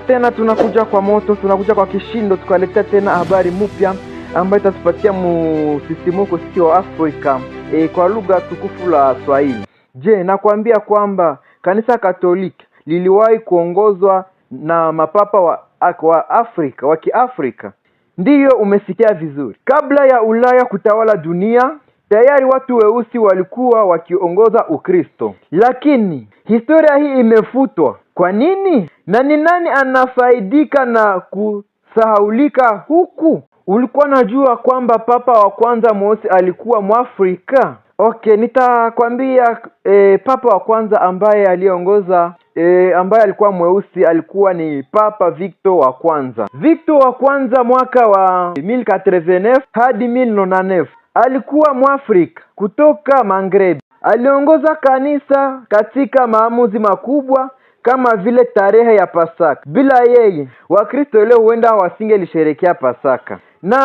tena tunakuja kwa moto, tunakuja kwa kishindo, tukaletea tena habari mpya ambayo itatupatia msisimuko sisi wa Afrika e, kwa lugha tukufu la Swahili. Je, nakwambia kwamba kanisa Katoliki liliwahi kuongozwa na mapapa wa, wa Afrika wa Kiafrika? Ndiyo, umesikia vizuri. Kabla ya Ulaya kutawala dunia, tayari watu weusi walikuwa wakiongoza Ukristo, lakini historia hii imefutwa kwa nini? Na ni nani anafaidika na kusahaulika huku? Ulikuwa najua kwamba papa wa kwanza mweusi alikuwa Mwafrika? Okay, nitakwambia e, papa wa kwanza ambaye aliongoza e, ambaye alikuwa mweusi alikuwa ni Papa Victor wa kwanza. Victor wa kwanza mwaka wa 1089 hadi 1099 alikuwa Mwafrika kutoka Maghreb. Aliongoza kanisa katika maamuzi makubwa kama vile tarehe ya Pasaka. Bila yeye Wakristo leo huenda wasingelisherekea Pasaka. Na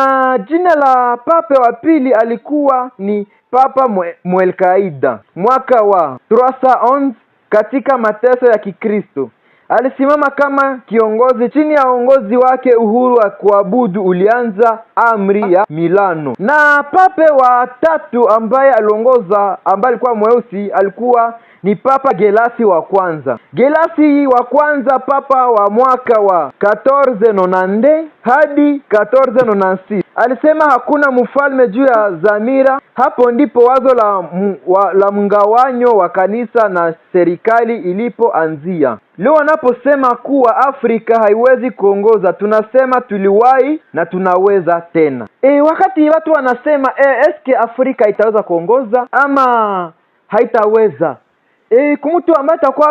jina la pape wa pili alikuwa ni Papa Mwelkaida. Mwaka wa 311 katika mateso ya Kikristo alisimama kama kiongozi. Chini ya uongozi wake uhuru wa kuabudu ulianza amri ya Milano. Na pape wa tatu ambaye aliongoza, ambaye alikuwa mweusi, alikuwa ni Papa Gelasi wa kwanza. Gelasi wa kwanza, papa wa mwaka wa 1404 hadi 1406 alisema hakuna mfalme juu ya zamira Hapo ndipo wazo la, wa, la mgawanyo wa kanisa na serikali ilipoanzia. Leo wanaposema kuwa Afrika haiwezi kuongoza, tunasema tuliwahi na tunaweza tena. E, wakati watu wanasema e, eske Afrika itaweza kuongoza ama haitaweza? E, eh, kumtu ambaye atakuwa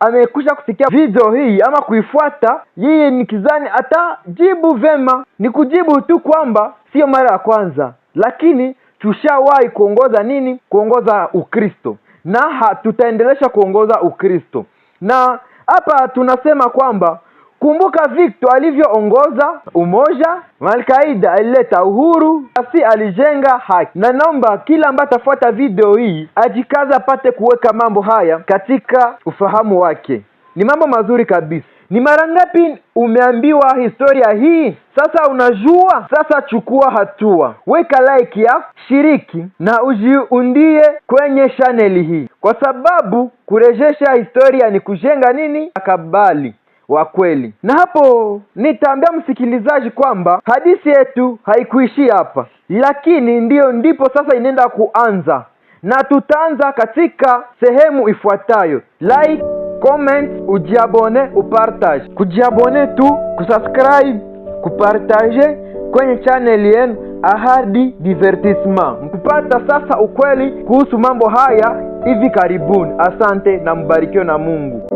amekusha kusikia video hii ama kuifuata, yeye ni kizani atajibu vema. Ni kujibu tu kwamba sio mara ya kwanza, lakini tushawahi kuongoza nini? Kuongoza Ukristo na tutaendelesha kuongoza Ukristo, na hapa tunasema kwamba Kumbuka Victor alivyoongoza umoja, Malkaida alileta uhuru, asi alijenga haki, na naomba kila ambaye atafuata video hii ajikaza apate kuweka mambo haya katika ufahamu wake. Ni mambo mazuri kabisa. Ni mara ngapi umeambiwa historia hii? Sasa unajua, sasa chukua hatua, weka like ya shiriki na ujiundie kwenye chaneli hii, kwa sababu kurejesha historia ni kujenga nini akabali wa kweli. Na hapo nitaambia msikilizaji kwamba hadithi yetu haikuishi hapa, lakini ndiyo ndipo sasa inaenda kuanza, na tutaanza katika sehemu ifuatayo. Like, comment, ujiabone, upartage, kujiabone tu, kusubscribe, kupartage kwenye channel yenu Ahadi Divertissement, mkupata sasa ukweli kuhusu mambo haya hivi karibuni. Asante na mbarikiwe na Mungu.